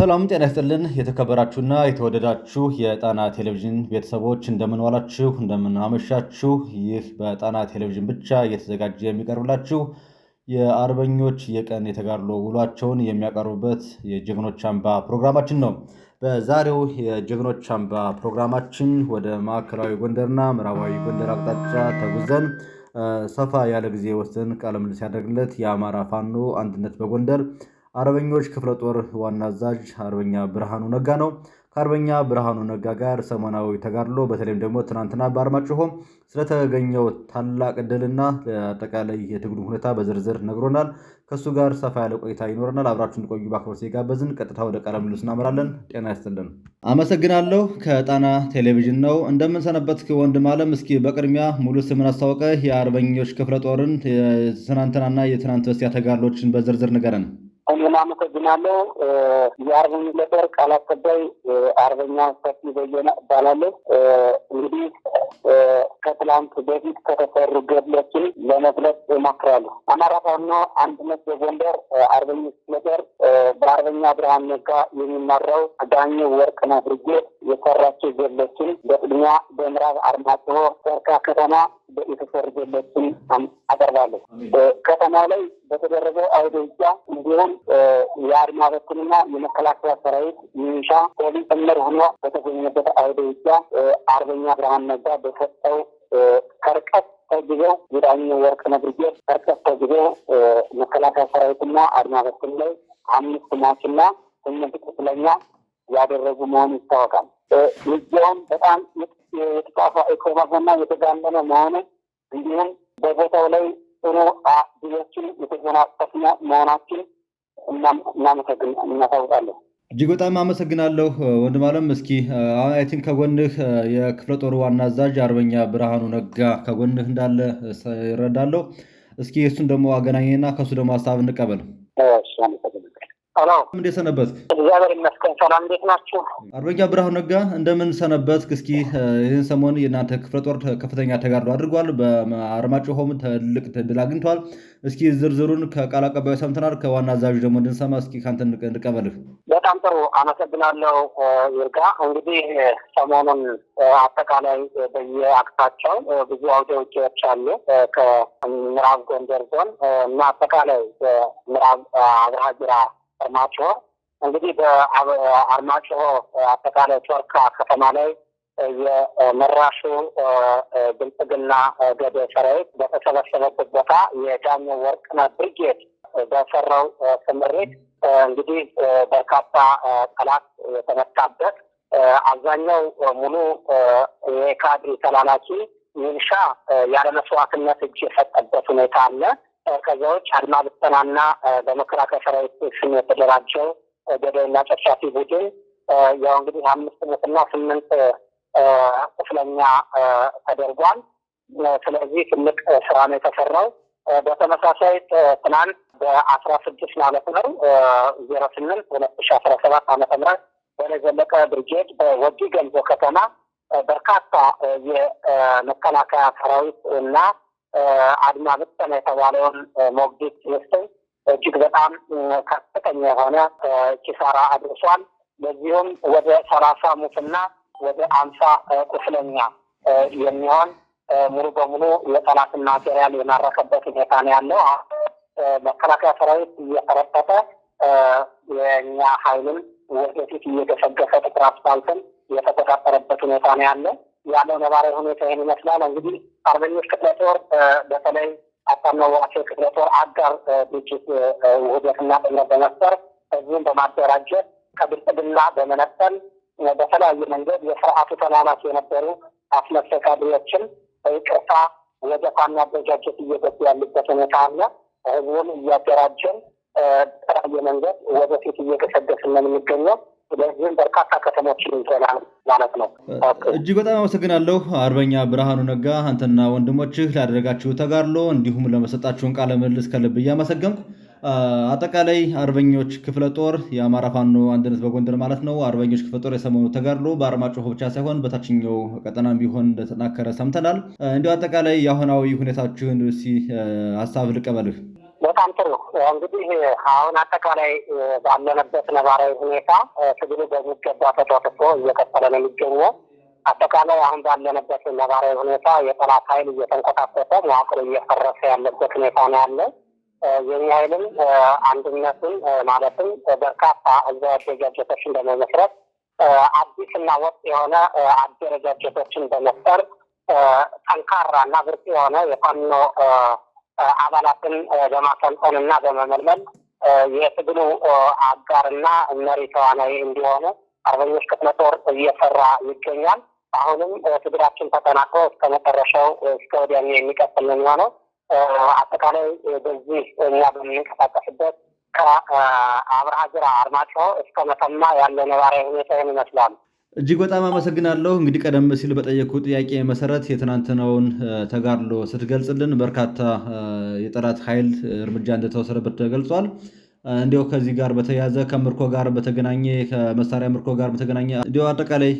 ሰላም ጤና ይስጥልን። የተከበራችሁና የተወደዳችሁ የጣና ቴሌቪዥን ቤተሰቦች እንደምንዋላችሁ፣ እንደምናመሻችሁ። ይህ በጣና ቴሌቪዥን ብቻ እየተዘጋጀ የሚቀርብላችሁ የአርበኞች የቀን የተጋድሎ ውሏቸውን የሚያቀርቡበት የጀግኖች አምባ ፕሮግራማችን ነው። በዛሬው የጀግኖች አምባ ፕሮግራማችን ወደ ማዕከላዊ ጎንደርና ምዕራባዊ ጎንደር አቅጣጫ ተጉዘን ሰፋ ያለ ጊዜ ወስደን ቃለ ምልልስ ያደርግለት የአማራ ፋኖ አንድነት በጎንደር አርበኞች ክፍለ ጦር ዋና አዛዥ አርበኛ ብርሃኑ ነጋ ነው። ከአርበኛ ብርሃኑ ነጋ ጋር ሰሞናዊ ተጋድሎ በተለይም ደግሞ ትናንትና በአርማጭሆ ስለተገኘው ታላቅ ድልና አጠቃላይ የትግሉ ሁኔታ በዝርዝር ነግሮናል። ከእሱ ጋር ሰፋ ያለ ቆይታ ይኖረናል። አብራችሁን ቆዩ በአክብሮት የጋበዝን። ቀጥታ ወደ ቃለ ምልልሱ እናመራለን። ጤና ይስጥልን። አመሰግናለሁ። ከጣና ቴሌቪዥን ነው። እንደምንሰነበት ወንድም ዓለም፣ እስኪ በቅድሚያ ሙሉ ስምን አስታውቀህ የአርበኞች ክፍለ ጦርን ትናንትናና የትናንት በስቲያ ተጋድሎችን በዝርዝር ንገረን። እኔን አመሰግናለሁ። የአርበኝ ለጦር ቃል አቀባይ አርበኛ ሰፊ በየነ እባላለሁ። እንግዲህ ከትላንት በፊት ከተሰሩ ገድሎችን ለመግለጽ እሞክራለሁ። አማራ ፋኖ አንድነት በጎንደር አርበኞች ለጦር በአርበኛ ብርሃን ነጋ የሚመራው ዳኝ ወርቅነህ ብርጌድ የሰራቸው ገድሎችን በቅድሚያ በምዕራብ አርማጭሆ ሰርካ ከተማ የተፈረደለትን አቀርባለሁ። ከተማ ላይ በተደረገ አውደ ውጊያ እንዲሁም የአድማ በትንና የመከላከያ ሰራዊት ሚኒሻ ፖሊስ ጭምር ሆኖ በተገኘበት አውደ ውጊያ አርበኛ ብርሃን ነጋ በሰጠው ከርቀት ተግዘው የዳኝ ወርቅ ነብርጌር ከርቀት ተግዘው መከላከያ ሰራዊትና አድማ በትን ላይ አምስት ሟችና ስምንት ቁስለኛ ያደረጉ መሆኑ ይታወቃል። ውጊያውም በጣም የተጻፈ የተባዘና የተጋነነ መሆኑ እንዲሁም በቦታው ላይ ጥሩ ጊዜዎችን የተጎናጸፍን መሆናችን እናመሰግን እጅግ በጣም አመሰግናለሁ ወንድም አለም። እስኪ አይ ቲንክ ከጎንህ የክፍለ ጦር ዋና አዛዥ አርበኛ ብርሃኑ ነጋ ከጎንህ እንዳለ ይረዳለሁ። እስኪ እሱን ደግሞ አገናኘና ከእሱ ደግሞ ሀሳብ እንቀበል። ሰላም እንዴት ሰነበት? እግዚአብሔር ይመስገን ሰላም። እንዴት ናችሁ? አርበኛ ብርሃኑ ነጋ እንደምን ሰነበት? እስኪ ይህን ሰሞን የእናንተ ክፍለ ጦር ከፍተኛ ተጋድሎ አድርጓል። በአርማጭሆም ትልቅ ድል አግኝተዋል። እስኪ ዝርዝሩን ከቃል አቀባዩ ሰምተናል። ከዋና አዛዥ ደግሞ እንድንሰማ እስኪ ከአንተ እንቀበልህ። በጣም ጥሩ አመሰግናለሁ ይርጋ። እንግዲህ ሰሞኑን አጠቃላይ በየአቅታቸው ብዙ አውደ ውጊያዎች አሉ ከምዕራብ ጎንደር ዞን እና አጠቃላይ ምዕራብ አብርሃ አርማጭሆ እንግዲህ በአርማጮ አጠቃላይ ቾርካ ከተማ ላይ የመራሹ ብልጽግና ገደ ሰራዊት በተሰበሰበበት ቦታ የዳኘው ወርቅነህ ብርጌድ በሰራው ስምሪት እንግዲህ በርካታ ጠላት የተመታበት አብዛኛው ሙሉ የካድሪ ተላላኪ ሚንሻ ያለመስዋዕትነት እጅ የሰጠበት ሁኔታ አለ። ከዛዎች አድማ ብተናና በመከላከያ ሰራዊት ስም የተደራጀው ገደና ጨፍጫፊ ቡድን ያው እንግዲህ አምስት ሞትና ስምንት ቁስለኛ ተደርጓል። ስለዚህ ትልቅ ስራ ነው የተሰራው። በተመሳሳይ ትናንት በአስራ ስድስት ማለት ነው ዜሮ ስምንት ሁለት ሺ አስራ ሰባት ዓመተ ምህረት ወደ ዘለቀ ብርጌድ በወዲ ገንዞ ከተማ በርካታ የመከላከያ ሰራዊት እና አድማ በጠነ የተባለውን ሞግዲት ውስጥም እጅግ በጣም ከፍተኛ የሆነ ኪሳራ አድርሷል። በዚሁም ወደ ሰላሳ ሙትና ወደ አምሳ ቁስለኛ የሚሆን ሙሉ በሙሉ የጠላትና ማቴሪያል የማረከበት ሁኔታ ነው ያለው። መከላከያ ሰራዊት እየፈረጠጠ የእኛ ኃይልም ወደፊት እየገሰገሰ ጥቁር አስፋልትን የተቆጣጠረበት ሁኔታ ነው ያለው። ያለው ነባራዊ ሁኔታ ይህን ይመስላል። እንግዲህ አርበኞች ክፍለ ጦር በተለይ አሳመዋቸው ክፍለ ጦር አጋር ድርጅት ውህደትና ጥምረት በመፍጠር እዚህም በማደራጀት ከብልጽግና በመነጠል በተለያየ መንገድ የስርዓቱ ተማማች የነበሩ አስመሳይ ካድሬዎችን በይቅርታ ወደ ፋኖ አደረጃጀት እየገቡ ያሉበት ሁኔታ አለ። ህዝቡን እያደራጀን በተለያየ መንገድ ወደፊት እየገሰገስን ነው የምንገኘው። በዚህም በርካታ ከተሞችን ይዘናል ማለት ነው። እጅግ በጣም አመሰግናለሁ አርበኛ ብርሃኑ ነጋ፣ አንተና ወንድሞችህ ላደረጋችሁ ተጋድሎ እንዲሁም ለመሰጣችሁን ቃለ ምልልስ ከልብ እያመሰገንኩ አጠቃላይ አርበኞች ክፍለ ጦር የአማራ ፋኖ አንድነት በጎንደር ማለት ነው። አርበኞች ክፍለ ጦር የሰሞኑ ተጋድሎ በአርማጭሆ ብቻ ሳይሆን በታችኛው ቀጠናም ቢሆን እንደተጠናከረ ሰምተናል። እንዲሁ አጠቃላይ የአሁናዊ ሁኔታችሁን ሀሳብ ልቀበልህ። እንትን ነው እንግዲህ አሁን አጠቃላይ ባለንበት ነባራዊ ሁኔታ ትግሉ በሚገባ ተጧጥፎ እየቀጠለ ነው የሚገኘው። አጠቃላይ አሁን ባለንበት ነባራዊ ሁኔታ የጠላት ኃይል እየተንኮታኮተ መዋቅር እየፈረሰ ያለበት ሁኔታ ነው ያለ። የኛ ኃይልም አንድነቱን ማለትም በርካታ እዛ አደረጃጀቶችን በመመስረት አዲስ እና ወጥ የሆነ አደረጃጀቶችን በመፍጠር ጠንካራ እና ብርቅ የሆነ የፋኖ አባላትን በማሰልጠን እና በመመልመል የትግሉ አጋርና መሪ ተዋናይ እንዲሆኑ አርበኞች ክፍለ ጦር እየሰራ ይገኛል። አሁንም ትግራችን ተጠናክሮ እስከ መጨረሻው እስከ ወዲያኛ የሚቀጥል ነው የሚሆነው። አጠቃላይ በዚህ እኛ በምንንቀሳቀስበት ከአብርሃ ጅራ አርማጭሆ እስከ መተማ ያለ ነባራዊ ሁኔታ ይመስላል። እጅግ በጣም አመሰግናለሁ። እንግዲህ ቀደም ሲል በጠየቅኩ ጥያቄ መሰረት የትናንትናውን ተጋድሎ ስትገልጽልን በርካታ የጠላት ኃይል እርምጃ እንደተወሰደበት ተገልጿል። እንዲያው ከዚህ ጋር በተያያዘ ከምርኮ ጋር በተገናኘ ከመሳሪያ ምርኮ ጋር በተገናኘ እንዲያው አጠቃላይ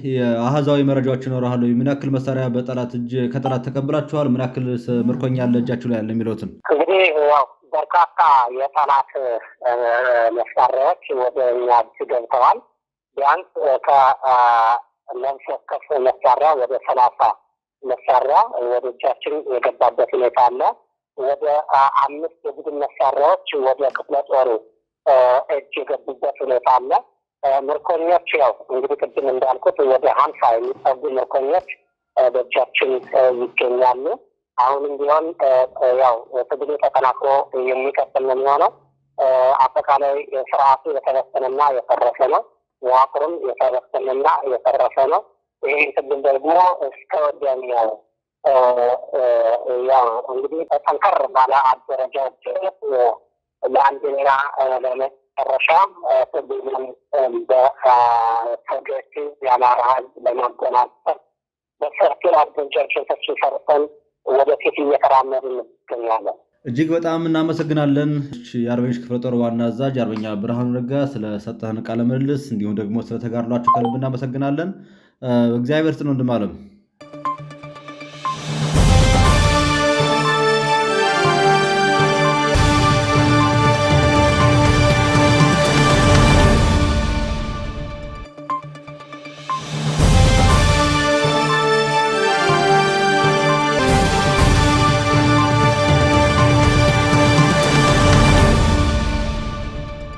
አሃዛዊ መረጃዎች ይኖረሃሉ። ምን ያክል መሳሪያ በጠላት እጅ ከጠላት ተቀብላችኋል? ምን ያክል ምርኮኛ አለ እጃችሁ ላይ ያለ የሚለውትን እንግዲህ ያው በርካታ የጠላት መሳሪያዎች ወደ እኛ እጅ ገብተዋል። ቢያንስ ከለምሶ መሳሪያ ወደ ሰላሳ መሳሪያ ወደ እጃችን የገባበት ሁኔታ አለ። ወደ አምስት የቡድን መሳሪያዎች ወደ ክፍለ ጦሩ እጅ የገቡበት ሁኔታ አለ። ምርኮኞች ያው እንግዲህ ቅድም እንዳልኩት ወደ ሀምሳ የሚጠጉ ምርኮኞች በእጃችን ይገኛሉ። አሁንም ቢሆን ያው ትግሉ ተጠናክሮ የሚቀጥል ነው የሚሆነው። አጠቃላይ ስርዓቱ የተበተነና የፈረሰ ነው። መዋቅሩም የፈረሰንና የፈረሰ ነው። ይህን ትግል ደግሞ እስከ ወዲያኛው ያው እንግዲህ በጠንከር ባለ አደረጃዎች ለአንድና ለመጨረሻ ትግሉን በፈገች የአማራ ሕዝብ ለማጎናጸፍ በሰፊ አደረጃጀቶች ፈርሰን ወደፊት እየተራመድን እንገኛለን። እጅግ በጣም እናመሰግናለን የአርበኞች ክፍለ ጦር ዋና አዛዥ አርበኛ ብርሃኑ ነጋ ስለሰጠህን ቃለ ምልልስ እንዲሁም ደግሞ ስለተጋድሏችሁ ከልብ እናመሰግናለን። እግዚአብሔር ይስጥልን ወንድም አለም።